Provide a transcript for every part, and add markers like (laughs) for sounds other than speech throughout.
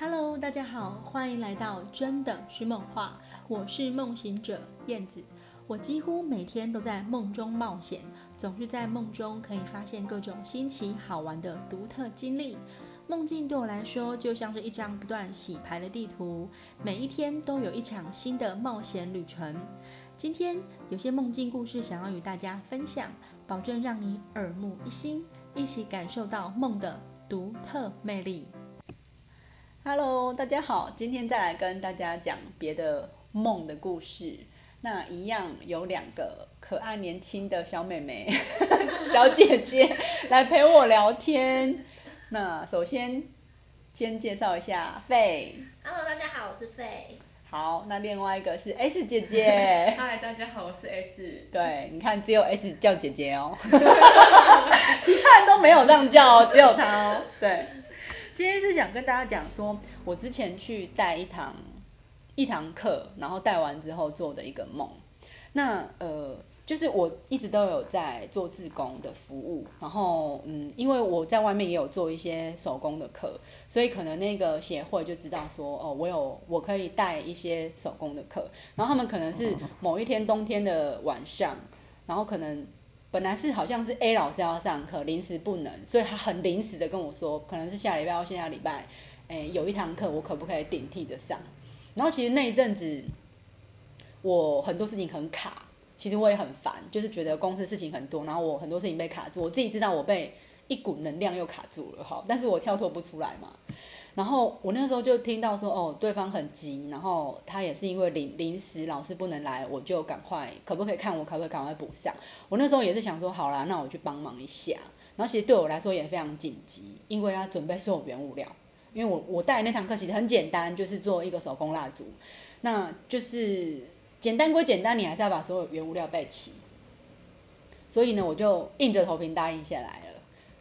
Hello，大家好，歡迎來到真的是夢話。我是夢行者燕子。我幾乎每天都在夢中冒險，總是在夢中可以發現各種新奇好玩的獨特經歷。夢境對我來說就像是一張不斷洗牌的地圖，每一天都有一場新的冒險旅程。今天有些夢境故事想要與大家分享，保證讓你耳目一新，一起感受到夢的獨特魅力。Hello，大家好，今天再來跟大家講別的夢的故事。那一樣有兩個可愛年輕的小妹妹， (laughs) 小姐姐來陪我聊天。那首先先介紹一下 Fay。Hello，大家好，我是 Fay。好，那另外一個是 S 姐姐。嗨，大家好，我是 S。 對，你看，只有 S 叫姐姐哦， (laughs) 其他人都沒有這樣叫哦，只有她哦，對。今天是想跟大家講說，我之前去帶一堂一堂課，然後帶完之後做的一個夢。那呃，就是我一直都有在做志工的服務，然後嗯，因為我在外面也有做一些手工的課，所以可能那個協會就知道說，哦，我有我可以帶一些手工的課，然後他們可能是某一天冬天的晚上，然後可能。本來是好像是 A 老師要上課，臨時不能，所以他很臨時的跟我說，可能是下禮拜或下下禮拜，欸，有一堂課我可不可以頂替着上？然後其實那一陣子，我很多事情很卡，其實我也很煩，就是覺得公司事情很多，然後我很多事情被卡住，我自己知道我被。一股能量又卡住了，哈，但是我跳脫不出來嘛。然後我那時候就聽到說，哦，對方很急，然後他也是因為臨臨時老師不能來，我就趕快，可不可以看我可不可以趕快補上？我那時候也是想說，好啦，那我去幫忙一下。然後其實對我來說也非常緊急，因為他準備所有原物料，因為我我帶那堂課其實很簡單，就是做一個手工蠟燭，那就是簡單歸簡單，你還是要把所有原物料備齊。所以呢，我就硬着頭皮答應下來了。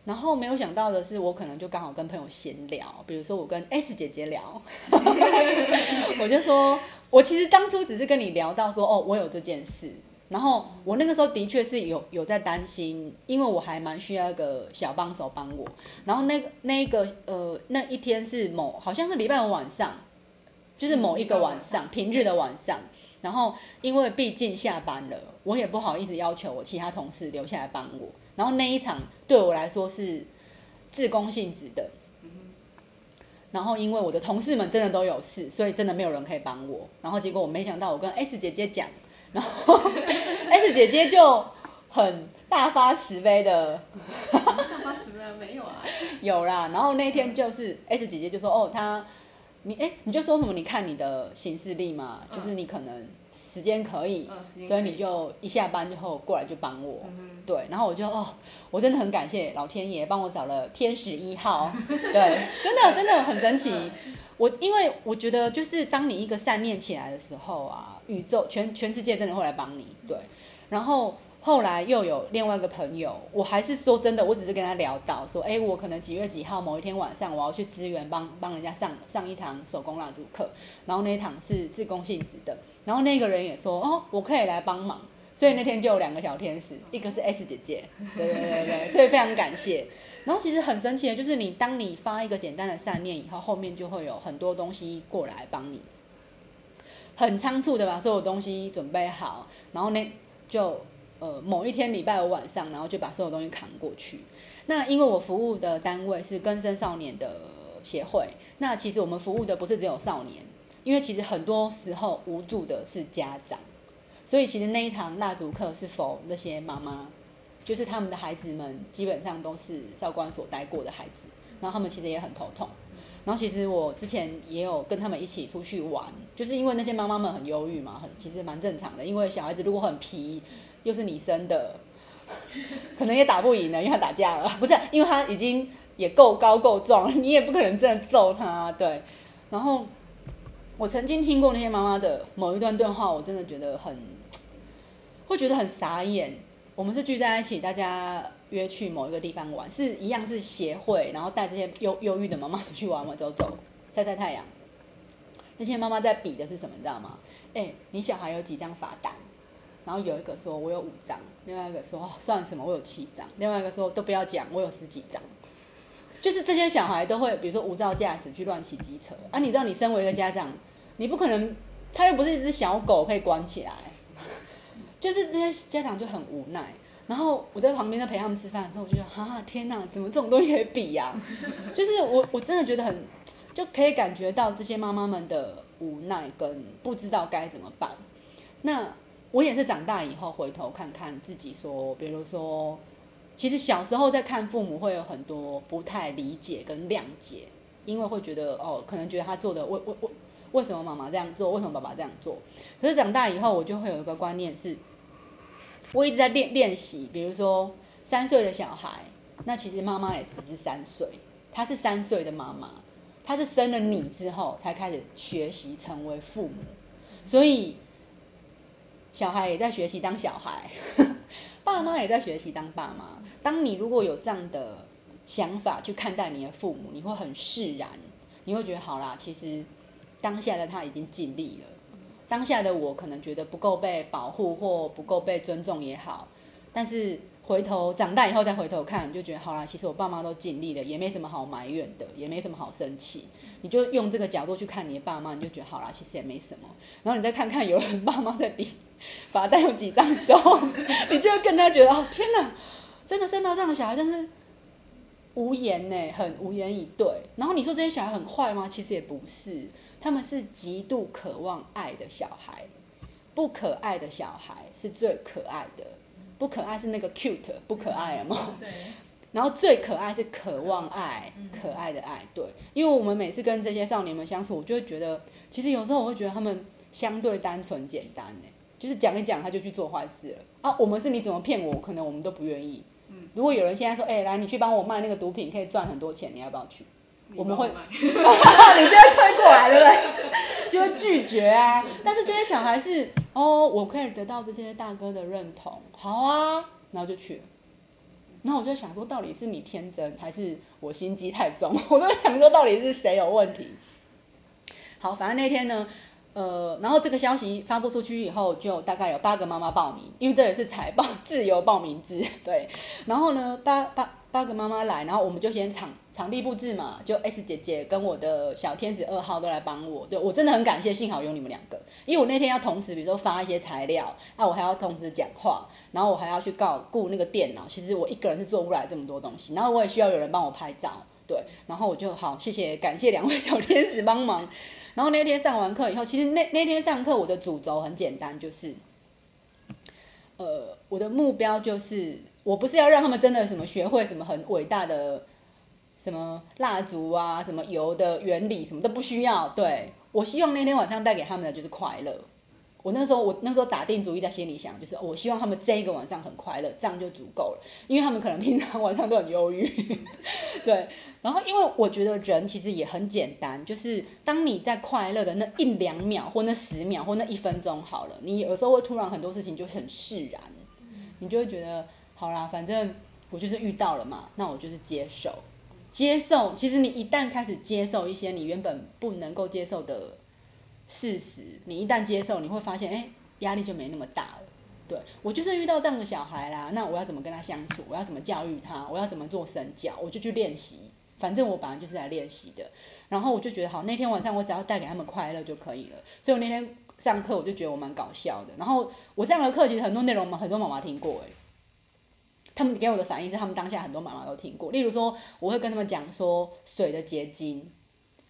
然後沒有想到的是，我可能就剛好跟朋友閒聊，比如說我跟 S 姐姐聊， (laughs) 我就說，我其實當初只是跟你聊到說，哦，我有這件事，然後我那個時候的確是有有在擔心，因為我還蠻需要一個小幫手幫我。然後那那一個呃那一天是某好像是禮拜五晚上，就是某一個晚上平日的晚上，然後因為畢竟下班了，我也不好意思要求我其他同事留下來幫我。然後那一場對我來說是志工性質的，然後因為我的同事們真的都有事，所以真的沒有人可以幫我。然後結果我沒想到，我跟 S 姐姐講，然後 S 姐姐就很大發慈悲的，大發慈悲沒有啊？有啦。然後那天就是 S 姐姐就說：“哦，她。”你哎、欸，你就說什麼？你看你的行事曆嘛，嗯、就是你可能時間可以，嗯、所以你就一下班之後過來就幫我。嗯、哼對，然後我就哦，我真的很感謝老天爺幫我找了天使一號。嗯、哼對，真的真的很神奇。嗯、哼我因為我覺得就是當你一個善念起來的時候啊，宇宙全全世界真的會來幫你。對，然後。後來又有另外一個朋友，我還是說真的，我只是跟他聊到說，哎，我可能幾月幾號某一天晚上，我要去支援幫幫人家上上一堂手工蠟燭課，然後那一堂是志工性質的，然後那個人也說，哦，我可以來幫忙，所以那天就有兩個小天使，一個是 S 姐姐，對對對對，所以非常感謝。然後其實很神奇的就是，你當你發一個簡單的善念以後，後面就會有很多東西過來幫你，很倉促的把所有東西準備好，然後呢就。呃，某一天禮拜五晚上，然後就把所有東西扛過去。那因為我服務的單位是更生少年的協會，那其實我們服務的不是只有少年，因為其實很多時候無助的是家長，所以其實那一堂蠟燭課是 for 那些媽媽，就是他們的孩子們基本上都是少管所待過的孩子，然後他們其實也很頭痛。然後其實我之前也有跟他們一起出去玩，就是因為那些媽媽們很憂鬱嘛，很其實蠻正常的，因為小孩子如果很皮。就是你生的，可能也打不贏了，因為他打架了，不是因為他已經也夠高夠壯，你也不可能真的揍他。對，然後我曾經聽過那些媽媽的某一段對話，我真的覺得很，會覺得很傻眼。我們是聚在一起，大家約去某一個地方玩，是一樣是協會，然後帶這些憂憂鬱的媽媽出去玩玩走走，曬曬太陽。那些媽媽在比的是什麼，你知道嗎？哎、欸，你小孩有幾張罰單？然後有一個說：“我有五張。”另外一個說：“哦，算什麼？我有七張。”另外一個說：“都不要講，我有十幾張。”就是這些小孩都會，比如說無照駕駛去亂騎機車啊。你知道，你身為一個家長，你不可能，他又不是一隻小狗可以管起來。就是這些家長就很無奈。然後我在旁邊在陪他們吃飯的時候，我就覺得，哈啊，天哪，怎麼這種東西可以比呀、啊？”就是我我真的覺得很就可以感覺到這些媽媽們的無奈跟不知道該怎麼辦。那。我也是長大以後回頭看看自己，說，比如說，其實小時候在看父母會有很多不太理解跟諒解，因為會覺得哦，可能覺得他做的，為為為，為什麼媽媽這樣做，為什麼爸爸這樣做？可是長大以後，我就會有一個觀念是，我一直在練練習，比如說三歲的小孩，那其實媽媽也只是三歲，她是三歲的媽媽，她是生了你之後才開始學習成為父母，所以。小孩也在學習當小孩呵，爸媽也在學習當爸媽。當你如果有這樣的想法去看待你的父母，你會很釋然，你會覺得好啦，其實當下的他已經盡力了，當下的我可能覺得不夠被保護或不夠被尊重也好，但是。回頭長大以後再回頭看，你就覺得好啦，其實我爸媽都盡力了，也沒什麼好埋怨的，也沒什麼好生氣。你就用這個角度去看你的爸媽，你就覺得好啦，其實也沒什麼。然後你再看看有人爸媽在比罰單有幾張之後，你就會更加覺得哦，天哪，真的生到這樣的小孩，但是無言呢、欸，很無言以對。然後你說這些小孩很壞嗎？其實也不是，他們是極度渴望愛的小孩，不可愛的小孩是最可愛的。不可愛是那個 cute 不可愛嗎？嘛。然後最可愛是渴望愛，可愛的愛。對，因為我們每次跟這些少年們相處，我就會覺得，其實有時候我會覺得他們相對單純簡單，哎、欸，就是講一講他就去做壞事了啊。我們是你怎麼騙我？可能我們都不願意。嗯。如果有人現在說，哎、欸，來，你去幫我賣那個毒品，你可以賺很多錢，你要不要去？我們會， (laughs) 你就會推過來，對不對？就會拒絕啊。但是這些小孩是，哦，我可以得到這些大哥的認同，好啊，然後就去了。然後我就想說，到底是你天真，還是我心機太重？我就想說，到底是誰有問題？好，反正那天呢，呃，然後這個消息發布出去以後，就大概有八個媽媽報名，因為這也是財報，自由報名制，對。然後呢，八八。八個媽媽來，然後我們就先場場地布置嘛，就 S 姐姐跟我的小天使二號都來幫我，對，我真的很感謝，幸好有你們兩個，因為我那天要同時，比如說發一些材料，啊，我還要同時講話，然後我還要去告顧那個電腦，其實我一個人是做不來這麼多東西，然後我也需要有人幫我拍照，對，然後我就好，謝謝，感謝兩位小天使幫忙。然後那天上完課以後，其實那那天上課我的主軸很簡單，就是，呃，我的目標就是。我不是要讓他們真的什麼學會什麼很偉大的什麼蠟燭啊，什麼油的原理，什麼都不需要。對，我希望那天晚上帶給他們的就是快樂。我那時候我那時候打定主意在心裡想，就是，哦，我希望他們這一個晚上很快樂，這樣就足夠了，因為他們可能平常晚上都很憂鬱。對，然後因為我覺得人其實也很簡單，就是當你在快樂的那一兩秒，或那十秒，或那一分鐘好了，你有時候會突然很多事情就很釋然，你就會覺得。好啦，反正我就是遇到了嘛，那我就是接受，接受。其實你一旦開始接受一些你原本不能夠接受的事實，你一旦接受，你會發現，哎、欸，壓力就沒那麼大了。對，我就是遇到這樣的小孩啦，那我要怎麼跟他相處？我要怎麼教育他？我要怎麼做身教？我就去練習，反正我本來就是來練習的。然後我就覺得，好，那天晚上我只要帶給他們快樂就可以了。所以我那天上課，我就覺得我蠻搞笑的。然後我上的課其實很多內容，很多媽媽聽過、欸他們給我的反應是，他們當下很多媽媽都聽過。例如說，我會跟他們講說，水的結晶，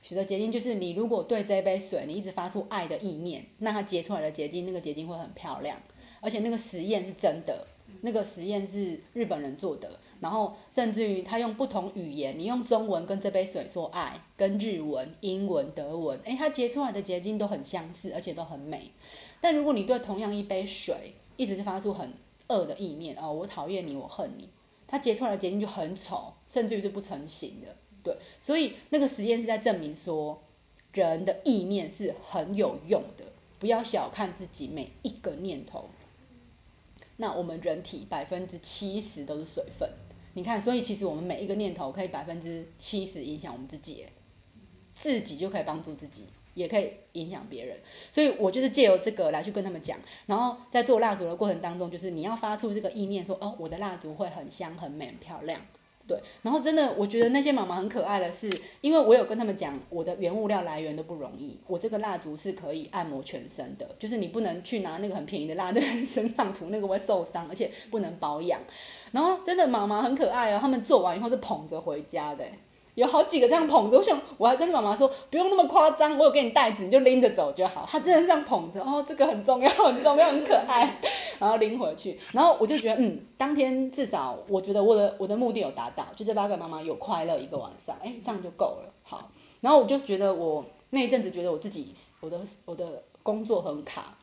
水的結晶就是你如果對這杯水，你一直發出愛的意念，那它結出來的結晶，那個結晶會很漂亮。而且那個實驗是真的，那個實驗是日本人做的。然後甚至於他用不同語言，你用中文跟這杯水說愛，跟日文、英文、德文，誒、欸，它結出來的結晶都很相似，而且都很美。但如果你對同樣一杯水，一直是發出很惡的意念啊、哦，我討厭你，我恨你。它結出來的結晶就很醜，甚至於是不成形的。對，所以那個實驗是在證明說，人的意念是很有用的，不要小看自己每一個念頭。那我們人體百分之七十都是水分，你看，所以其實我們每一個念頭可以百分之七十影響我們自己，自己就可以幫助自己，也可以影響別人，所以我就是借由這個來去跟他們講，然後在做蠟燭的過程當中，就是你要發出這個意念，說哦，我的蠟燭會很香、很美、很漂亮，對。然後真的，我覺得那些媽媽很可愛的是，因為我有跟他們講，我的原物料來源都不容易，我這個蠟燭是可以按摩全身的，就是你不能去拿那個很便宜的蠟在身上塗，那個會受傷，而且不能保養。然後真的，媽媽很可愛哦，他們做完以後是捧着回家的，哎。有好幾個這樣捧着，我想我還跟媽媽說不用那麼誇張，我有給你袋子，你就拎着走就好。他真的這樣捧着，哦，這個很重要，很重要，很可愛， (laughs) 然後拎回去。然後我就覺得，嗯，當天至少我覺得我的我的目的有達到，就這八個媽媽有快樂一個晚上，哎、欸，這樣就夠了。好，然後我就覺得我那一陣子覺得我自己，我的我的工作很卡，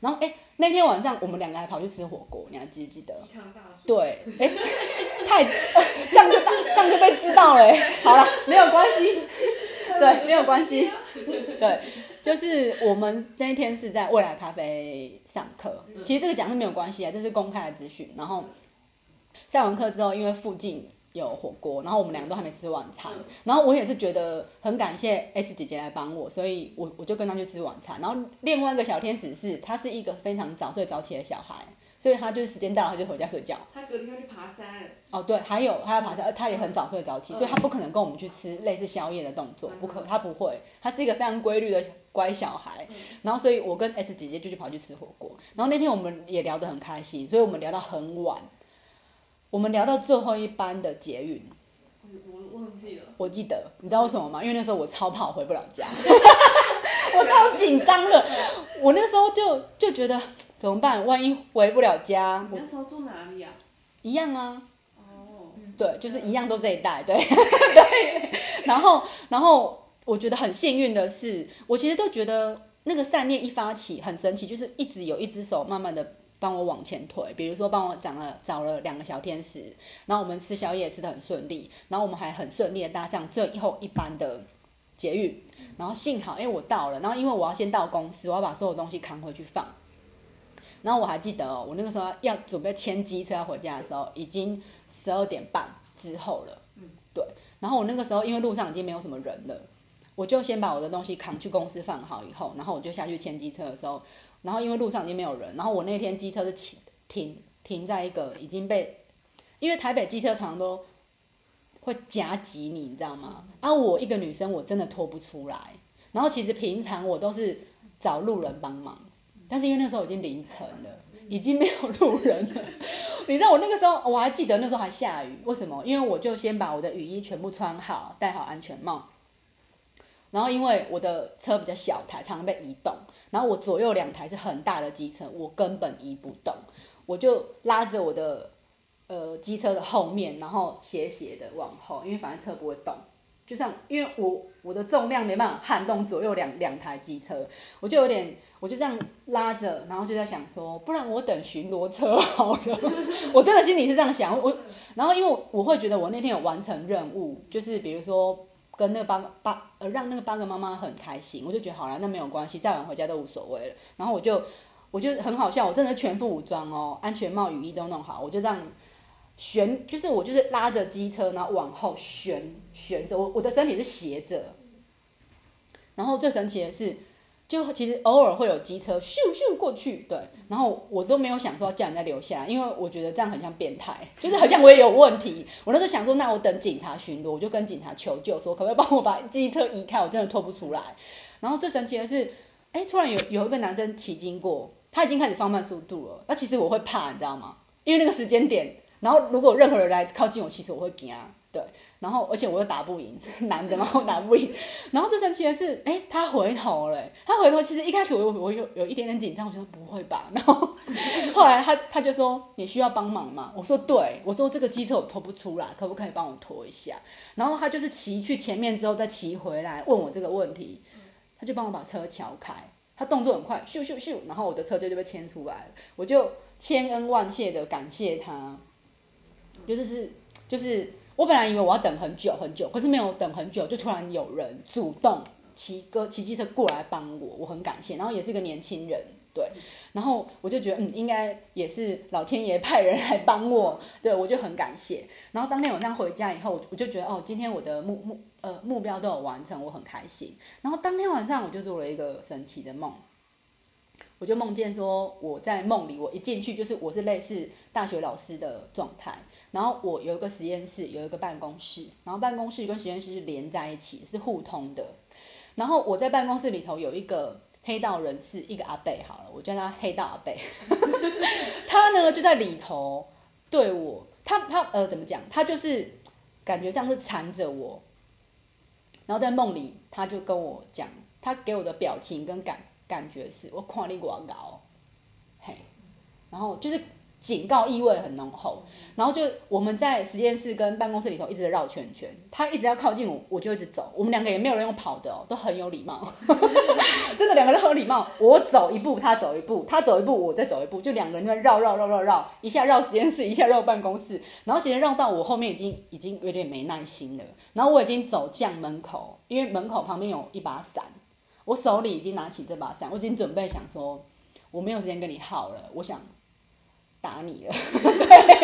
然後哎。欸那天晚上，我們兩個還跑去吃火鍋，你還記不記得？對，哎、欸，太、呃、這樣就這樣就被知道了、欸。好了，沒有關係，對，沒有關係，對，就是我們那一天是在未來咖啡上課，嗯、其實這個講是沒有關係啊，這是公開的資訊。然後上完課之後，因為附近。有火鍋，然後我們兩個都還沒吃晚餐，嗯、然後我也是覺得很感謝 S 姐姐來幫我，所以我我就跟她去吃晚餐。然後另外一個小天使是，她是一個非常早睡早起的小孩，所以她就是時間到了她就回家睡覺。她隔天要去爬山。哦，對，還有她要爬山，她也很早睡早起，嗯、所以她不可能跟我們去吃類似宵夜的動作，不可她不會，她是一個非常規律的乖小孩。嗯、然後所以我跟 S 姐姐就去跑去吃火鍋，然後那天我們也聊得很開心，所以我們聊到很晚。我們聊到最後一班的捷運，嗯，我忘記了。我記得，你知道為什麼嗎？因為那時候我超跑回不了家， (laughs) 我超緊張了。我那時候就就覺得怎麼辦？萬一回不了家？我那時候住哪裡啊？一樣啊。哦。對，就是一樣都這一代，對 (laughs) 對。然後，然後我覺得很幸運的是，我其實都覺得那個善念一發起很神奇，就是一直有一隻手慢慢的。幫我往前推，比如說幫我找了找了兩個小天使，然後我們吃宵夜吃得很順利，然後我們還很順利的搭上最後一班的捷運，然後幸好因為、欸、我到了，然後因為我要先到公司，我要把所有東西扛回去放，然後我還記得、哦、我那個時候要準備牽機車回家的時候，已經十二點半之後了，嗯對，然後我那個時候因為路上已經沒有什麼人了，我就先把我的東西扛去公司放好以後，然後我就下去牽機車的時候。然後因為路上已經沒有人，然後我那天機車是停停停在一個已經被，因為台北機車場都會夾擠你，你知道嗎？啊，我一個女生我真的拖不出來。然後其實平常我都是找路人幫忙，但是因為那時候已經凌晨了，已經沒有路人了。你知道我那個時候，我還記得那時候還下雨，為什麼？因為我就先把我的雨衣全部穿好，戴好安全帽。然後，因為我的車比較小，它常常被移動。然後我左右兩台是很大的機車，我根本移不動。我就拉着我的呃機車的後面，然後斜斜的往後，因為反正車不會動。就像因為我我的重量沒辦法撼動左右兩兩台機車，我就有點我就這樣拉着，然後就在想說，不然我等巡邏車好了。我真的心裡是這樣想。我然後因為我，我會覺得我那天有完成任務，就是比如說。跟那個八個八呃，讓那個八個媽媽很開心，我就覺得好了，那沒有關係，再晚回家都無所謂了。然後我就，我就很好笑，我真的全副武裝哦、喔，安全帽、雨衣都弄好，我就這樣旋，就是我就是拉着機車，然後往後旋旋着，我我的身體是斜着，然後最神奇的是。就其實偶爾會有機車咻咻過去，對，然後我都沒有想說要叫人家留下，因為我覺得這樣很像變態，就是好像我也有問題。我那時候想說，那我等警察巡邏，我就跟警察求救，說可不可以幫我把機車移開？我真的拖不出來。然後最神奇的是，哎、欸，突然有有一個男生騎經過，他已經開始放慢速度了。那其實我會怕，你知道嗎？因為那個時間點，然後如果任何人來靠近我，其實我會驚。對，然後而且我又打不贏，男的然後打不贏，然後這神奇的是，哎、欸，他回頭了，他回頭其實一開始我有我有有一點點緊張，我說不會吧，然後後來他他就說你需要幫忙嗎？我說對，我說這個機車我拖不出來，可不可以幫我拖一下？然後他就是騎去前面之後再騎回來問我這個問題，他就幫我把車撬開，他動作很快，咻咻咻，咻，然後我的車就就被牽出來了，我就千恩萬謝的感謝他，就是就是。我本來以為我要等很久很久，可是沒有等很久，就突然有人主動騎個騎機車過來幫我，我很感謝。然後也是一個年輕人，對，然後我就覺得，嗯，應該也是老天爺派人來幫我，對，我就很感謝。然後當天晚上回家以後，我就覺得，哦，今天我的目目呃目標都有完成，我很開心。然後當天晚上我就做了一個神奇的夢，我就夢見說我在夢裡，我一進去就是我是類似大學老師的狀態。然後我有一個實驗室，有一個辦公室，然後辦公室跟實驗室是連在一起，是互通的。然後我在辦公室裡頭有一個黑道人士，一個阿伯，好了，我叫他黑道阿伯。 (laughs) 他呢就在裡頭對我，他他呃怎麼講？他就是感覺像是纏着我。然後在夢裡，他就跟我講，他給我的表情跟感感覺是，我看你我熬。」嘿，然後就是。警告意味很濃厚，然後就我們在實驗室跟辦公室裡頭一直繞圈圈，他一直要靠近我，我就一直走。我們兩個也沒有人用跑的哦，都很有禮貌，呵呵，真的兩個人很禮貌。我走一步，他走一步，他走一步，我再走一步，一步就兩個人就繞、繞繞繞繞繞，一下繞實驗室，一下繞辦公室，然後其實繞到我後面已經已經有點沒耐心了。然後我已經走向門口，因為門口旁邊有一把傘，我手裡已經拿起這把傘，我已經準備想說我沒有時間跟你耗了，我想。打你了，對，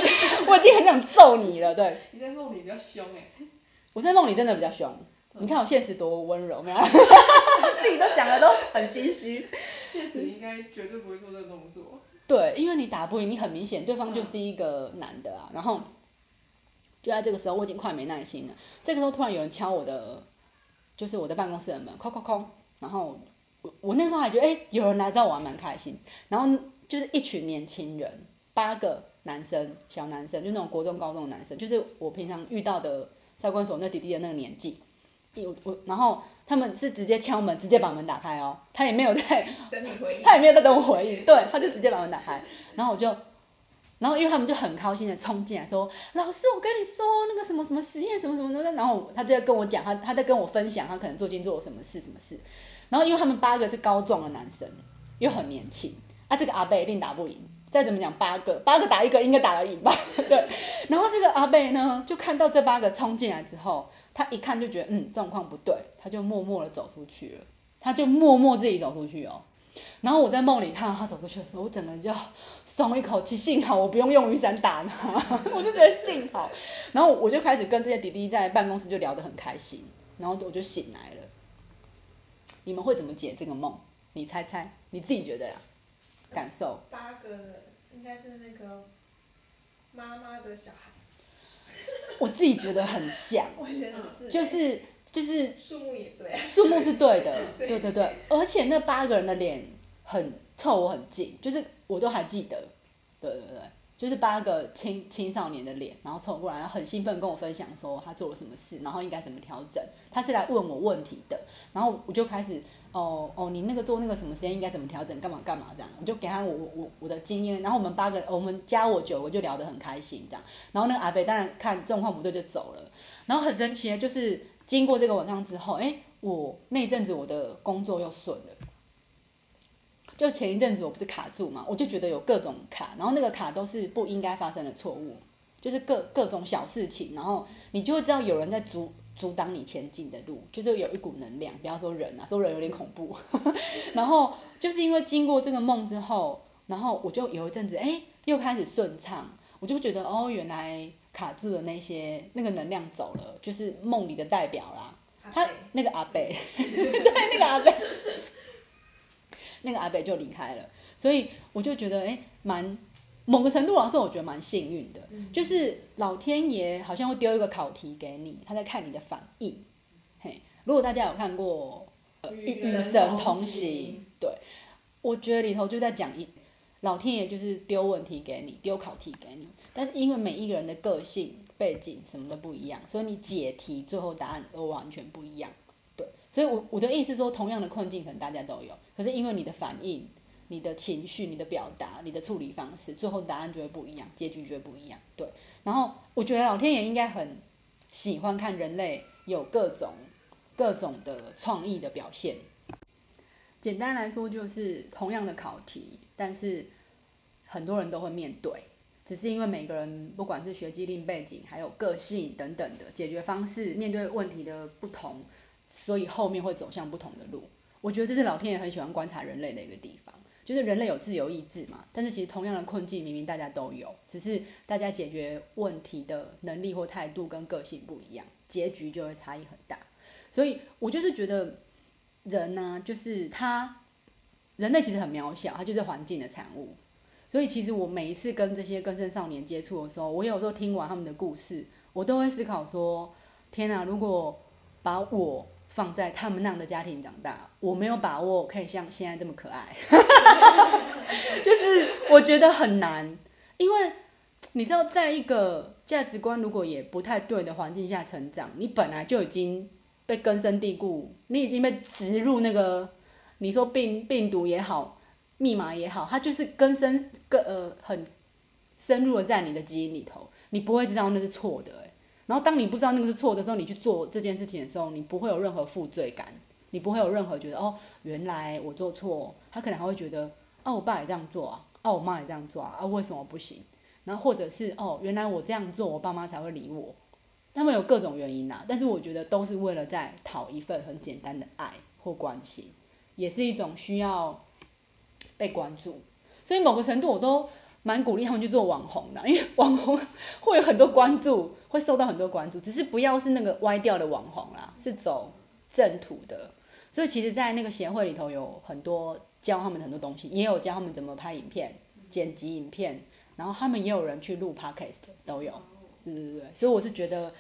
我已經很想揍你了。對，你在夢裡比較凶哎、欸，我在夢裡真的比較凶。嗯、你看我現實多溫柔呀，嗯啊、 (laughs) 自己都講的都很心虛。現實你應該絕對不會做這個動作。對，因為你打不贏，你很明顯對方就是一個男的啊。然後就在這個時候，我已經快沒耐心了。這個時候突然有人敲我的，就是我的辦公室的門，哐哐哐。然後我，我那時候還覺得，哎、欸，有人來找我還蠻開心。然後就是一群年輕人。八個男生，小男生，就那種國中、高中的男生，就是我平常遇到的少管所那弟弟的那個年紀，有我，然後他們是直接敲門，直接把門打開哦、喔，他也沒有在等你回應，他也沒有在等我回應，對，他就直接把門打開，然後我就，然後因為他們就很高興的衝進來說，說老師，我跟你說那個什麼什麼實驗什麼什麼的，然後他就在跟我講，他他在跟我分享，他可能最近做了什麼事什麼事，然後因為他們八個是高壯的男生，又很年輕，啊，這個阿伯一定打不贏。再怎麼講，八個八個打一個，應該打了一半對。然後這個阿伯呢，就看到這八個衝進來之後，他一看就覺得嗯狀況不對，他就默默的走出去了。他就默默自己走出去哦。然後我在夢裡看到他走出去的時候，我整個就鬆一口氣，幸好我不用用雨傘打他， (laughs) 我就覺得幸好。然後我就開始跟這些弟弟在辦公室就聊得很開心。然後我就醒來了。你們會怎麼解這個夢？你猜猜，你自己覺得呀、啊？感受八個應該是那個媽媽的小孩， (laughs) 我自己覺得很像，我覺得 (laughs) 是欸，就是，就是，樹木也對啊，樹木是對的， (laughs) 對對對，而且那八個人的臉很湊我很近，就是我都還記得，對對對，就是八個青青少年的臉，然後湊過來，很興奮跟我分享說他做了什麼事，然後應該怎麼調整，他是來問我問題的，然後我就開始。哦哦，你那個做那個什麼時間應該怎麼調整，幹嘛幹嘛這樣，我就給他我我我的經驗。然後我們八個，我們加我九個，我就聊得很開心這樣。然後那個阿北當然看狀況不對就走了。然後很神奇的就是經過這個晚上之後，誒，我那一陣子我的工作又順了。就前一陣子我不是卡住嘛，我就覺得有各種卡，然後那個卡都是不應該發生的錯誤，就是各各種小事情，然後你就會知道有人在阻。阻擋你前進的路，就是有一股能量。不要說人啊，說人有點恐怖。 (laughs) 然後就是因為經過這個夢之後，然後我就有一陣子，哎、欸，又開始順暢。我就覺得，哦，原來卡住的那些那個能量走了，就是夢裡的代表啦。阿伯，他那個阿伯， (laughs) (laughs) 對，那個阿伯，那個阿伯就離開了。所以我就覺得，哎、欸，蠻某個程度來說，我覺得蠻幸運的，嗯、哼就是老天爺好像會丟一個考題給你，他在看你的反應。嘿，如果大家有看過《與與神同行》同行，對，我覺得裡頭就在講一老天爺就是丟問題給你，丟考題給你，但是因為每一個人的個性、背景什麼都不一樣，所以你解題最後答案都完全不一樣。對，所以我我的意思是說，同樣的困境可能大家都有，可是因為你的反應。你的情緒、你的表達、你的處理方式，最後答案就會不一樣，結局就會不一樣。對，然後我覺得老天爺應該很喜歡看人類有各種各種的創意的表現。簡單來說，就是同樣的考題，但是很多人都會面對，只是因為每個人不管是學經歷背景、還有個性等等的解決方式、面對問題的不同，所以後面會走向不同的路。我覺得這是老天爺很喜歡觀察人類的一個地方。就是人類有自由意志嘛，但是其實同樣的困境，明明大家都有，只是大家解決問題的能力或態度跟個性不一樣，結局就會差異很大。所以我就是覺得人呢、啊，就是他人類其實很渺小，他就是環境的產物。所以其實我每一次跟這些更生少年接觸的時候，我有時候聽完他們的故事，我都會思考說：天哪、啊！如果把我放在他們那樣的家庭長大，我沒有把握可以像現在這麼可愛， (laughs) 就是我覺得很難，因為你知道，在一個價值觀如果也不太對的環境下成長，你本來就已經被根深蒂固，你已經被植入那個你說病病毒也好，密碼也好，它就是根深根呃很深入的在你的基因裡頭，你不會知道那是錯的、欸。然後，當你不知道那個是錯的時候，你去做這件事情的時候，你不會有任何負罪感，你不會有任何覺得哦，原來我做錯。他可能還會覺得，哦、啊，我爸也這樣做啊，哦、啊，我媽也這樣做啊，啊，為什麼不行？然後或者是哦，原來我這樣做，我爸媽才會理我。他們有各種原因啦、啊，但是我覺得都是為了在討一份很簡單的愛或關心，也是一種需要被關注。所以某個程度，我都蠻鼓勵他們去做網紅的，因為網紅會有很多關注。會受到很多關注，只是不要是那個歪掉的網紅啦，是走正途的。所以其實，在那個協會裡頭，有很多教他們很多東西，也有教他們怎麼拍影片、剪輯影片，然後他們也有人去錄 podcast，都有。對對對，所以我是覺得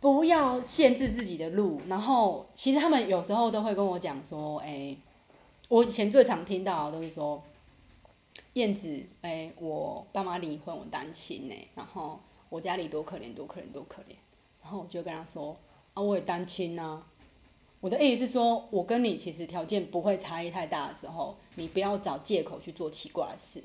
不要限制自己的路。然後其實他們有時候都會跟我講說：“哎、欸，我以前最常聽到的都是說，燕子，哎、欸，我爸媽離婚，我單親哎，然後。”我家裡多可憐，多可憐，多可憐。然後我就跟他說：“啊，我也單親啊。”我的意思是說，我跟你其實條件不會差異太大的時候，你不要找借口去做奇怪的事。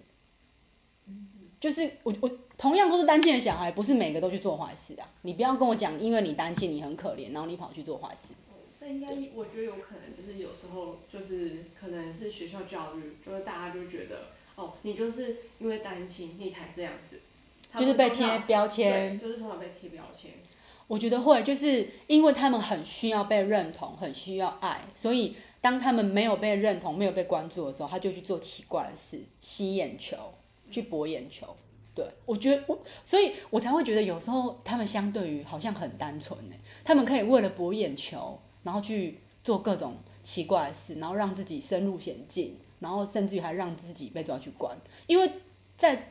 嗯，就是我我同樣都是單親的小孩，不是每個都去做壞事啊。你不要跟我講，因為你單親，你很可憐，然後你跑去做壞事。那應該對我覺得有可能，就是有時候就是可能是學校教育，就是大家就覺得哦，你就是因為單親，你才這樣子。就是被貼標籤，就是通常被貼標籤。我覺得會，就是因為他們很需要被認同，很需要愛，所以當他們沒有被認同、沒有被關注的時候，他就去做奇怪的事，吸眼球，去博眼球。對，我覺得我，所以我才會覺得有時候他們相對於好像很單純哎、欸，他們可以為了博眼球，然後去做各種奇怪的事，然後讓自己深入險境，然後甚至於還讓自己被抓去關，因為在。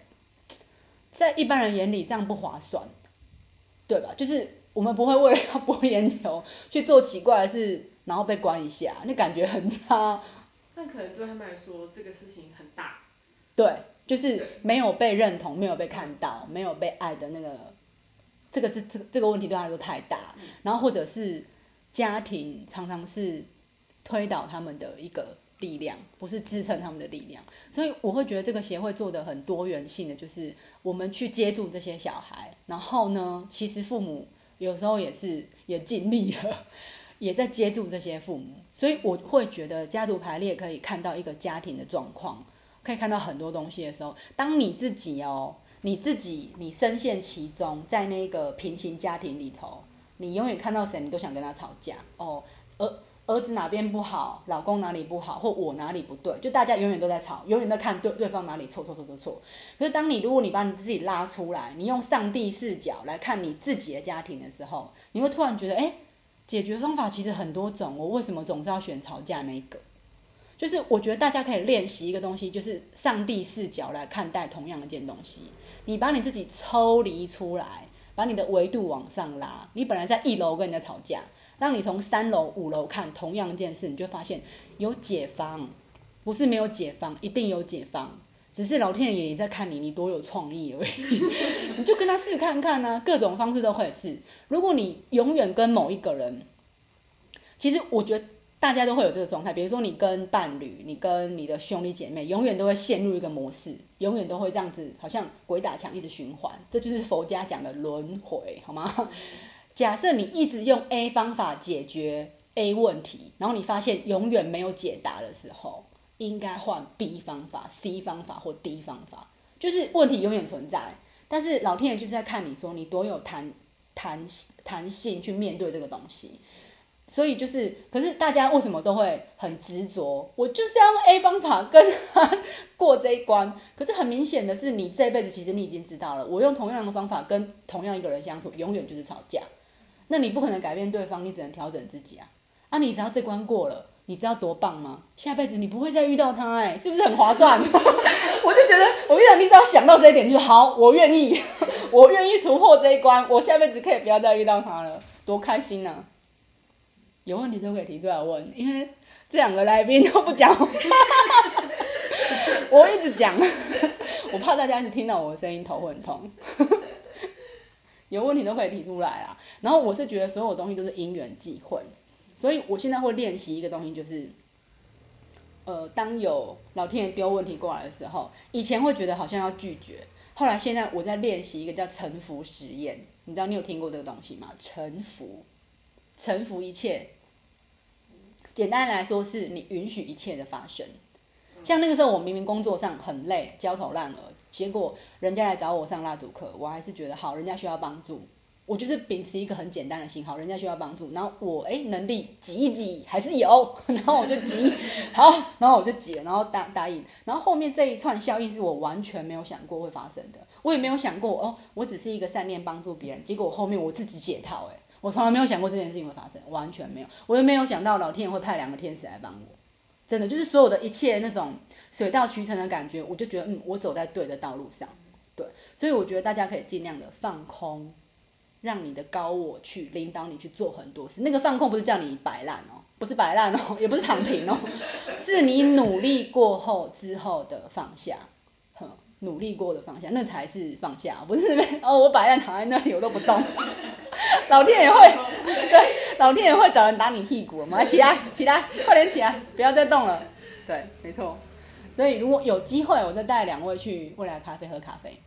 在一般人眼裡，這樣不划算，對吧？就是我們不會為了要博眼球去做奇怪的事，然後被關一下，那感覺很差。但可能對他們來說，這個事情很大。對，就是沒有被認同、對沒有被看到、沒有被愛的那個，這個這這這個問題對他來說太大。嗯、然後或者是家庭常常是推倒他們的一個。力量不是支撐他們的力量，所以我會覺得這個協會做的很多元性的，就是我們去接住這些小孩，然後呢，其實父母有時候也是也盡力了，也在接住這些父母，所以我會覺得家族排列可以看到一個家庭的狀況，可以看到很多東西的時候，當你自己哦，你自己你深陷其中，在那個平行家庭裡頭，你永遠看到誰你都想跟他吵架哦，而。兒子哪邊不好，老公哪裡不好，或我哪裡不對，就大家永遠都在吵，永遠在看對對方哪裡錯，錯錯錯錯。可是當你如果你把你自己拉出來，你用上帝視角來看你自己的家庭的時候，你會突然覺得，誒，解決方法其實很多種，我為什麼總是要選吵架那一個？就是我覺得大家可以練習一個東西，就是上帝視角來看待同樣一件東西。你把你自己抽離出來，把你的維度往上拉，你本來在一樓跟人家吵架。當你從三樓、五樓看同樣一件事，你就發現有解方，不是沒有解方，一定有解方。只是老天爺也在看你，你多有創意而已。 (laughs) 你就跟他試看看呢、啊，各種方式都會試。如果你永遠跟某一個人，其實我覺得大家都會有這個狀態。比如說你跟伴侶，你跟你的兄弟姐妹，永遠都會陷入一個模式，永遠都會這樣子，好像鬼打牆一直循環。這就是佛家講的輪回，好嗎？假設你一直用 A 方法解決 A 問題，然後你發現永遠沒有解答的時候，應該換 B 方法、C 方法或 D 方法。就是問題永遠存在，但是老天爺就是在看你說你多有彈彈彈性去面對這個東西。所以就是，可是大家為什麼都會很執着？我就是要用 A 方法跟他過這一關。可是很明顯的是，你這輩子其實你已經知道了，我用同樣的方法跟同樣一個人相處，永遠就是吵架。那你不可能改變對方，你只能調整自己啊！啊，你只要這關過了，你知道多棒嗎？下輩子你不會再遇到他，欸，哎，是不是很划算？ (laughs) 我就覺得，我跟你講，你只要想到這一點就好，我願意，我願意突破這一關，我下輩子可以不要再遇到他了，多開心啊！有問題都可以提出來問，因為這兩個來賓都不講話 (laughs) 我一直講，我怕大家一直聽到我的聲音頭很痛。有問題都可以提出來啊，然後我是覺得所有東西都是因緣際會，所以我現在會練習一個東西，就是，呃，當有老天爺丟問題過來的時候，以前會覺得好像要拒絕，後來現在我在練習一個叫臣服實驗，你知道你有聽過這個東西嗎？臣服，臣服一切，簡單來說是你允許一切的發生，像那個時候我明明工作上很累，焦頭爛額。結果人家來找我上蠟燭課，我還是覺得好，人家需要幫助，我就是秉持一個很簡單的信號，人家需要幫助，然後我哎能力擠一擠還是有，然後我就擠，好，然後我就擠，然後答答應，然後後面這一串效應是我完全沒有想過會發生的，我也沒有想過哦，我只是一個善念幫助別人，結果我後面我自己解套、欸，哎，我從來沒有想過這件事情會發生，完全沒有，我也沒有想到老天爺會派兩個天使來幫我，真的就是所有的一切那種。水到渠成的感覺，我就覺得，嗯，我走在對的道路上，對，所以我覺得大家可以盡量的放空，讓你的高我去領導你去做很多事。那個放空不是叫你擺爛哦，不是擺爛哦，也不是躺平哦、喔，是你努力過後之後的放下，呵，努力過的放下，那才是放下、喔，不是哦、喔，我擺爛躺在那裡我都不動， (laughs) 老天也會，對，老天也會找人打你屁股，嘛，起來，起來，快點起來，不要再動了，對，沒錯。所以如果有機會，我再帶兩位去未來咖啡喝咖啡。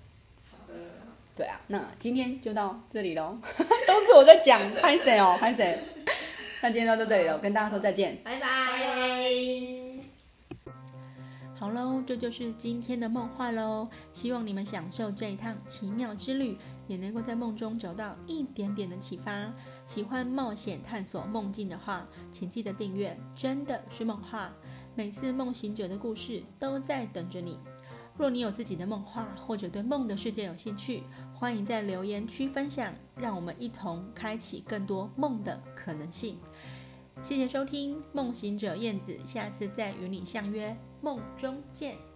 對啊，那今天就到這裡嘍， (laughs) 都是我在講潘誰哦，潘誰。那今天就到這裡了，我跟大家說再見，拜拜。好嘍，這就是今天的夢話嘍，希望你們享受這一趟奇妙之旅，也能夠在夢中找到一點點的啟發。喜歡冒險探索夢境的話，請記得訂閱，真的是夢話。每次夢行者的故事都在等着你。若你有自己的夢話，或者對夢的世界有興趣，歡迎在留言區分享，讓我們一同開啟更多夢的可能性。謝謝收聽，夢行者燕子，下次再與你相約，夢中見。